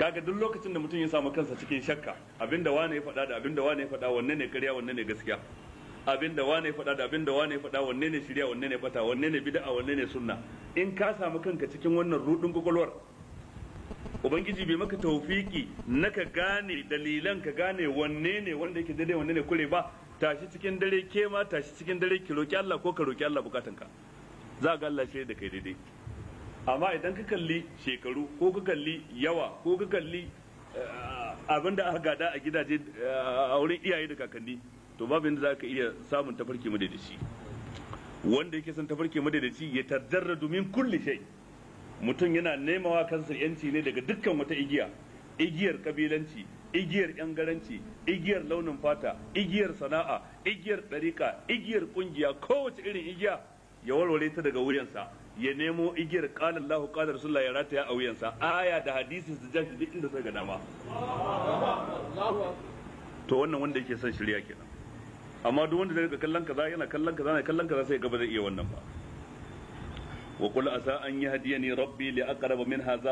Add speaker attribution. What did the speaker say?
Speaker 1: kaga duk lokacin da mutum ya samu kansa cikin shakka abinda wane ya faɗa da abinda wane ya faɗa wanne ne ƙarya wanne ne gaskiya abinda wane ya faɗa da abinda wane ya faɗa wanne ne shirya wanne ne bata wanne ne bid'a wanne ne sunna in ka samu kanka cikin wannan rudin gogolwar ubangiji bai maka tawfiki na ka gane dalilan ka gane wanne ne wanda yake daidai wanne ne kure ba tashi cikin dare ke ma tashi cikin dare ki roki Allah ko ka roki Allah bukatanka za ga Allah shi da kai daidai amma idan ka kalli shekaru ko ka kalli yawa ko ka kalli eh, abin da aka gada a gidaje eh, a wurin iyaye da kakanni to babu yadda za ka iya samun tafarki shi. wanda yake son tafarki madadaci ya tarjarra domin kulli shai mutum yana nemawa kansa yanci ne daga dukkan wata igiya igiyar kabilanci igiyar yan garanci igiyar launin fata igiyar sana'a igiyar ɗarika igiyar kungiya kowace irin igiya ya warware ta daga wuyansa ya nemo igiyar qala Allahu qala rasulullah ya rataya a wuyansa aya da hadisi su jashi duk inda sai ga dama to wannan wanda yake son shirya kenan amma duk wanda zai rika kallon kaza yana kallon kaza yana kallon
Speaker 2: kaza sai gaba zai iya wannan ba wa qul asa an yahdiyani rabbi li aqrab min hadha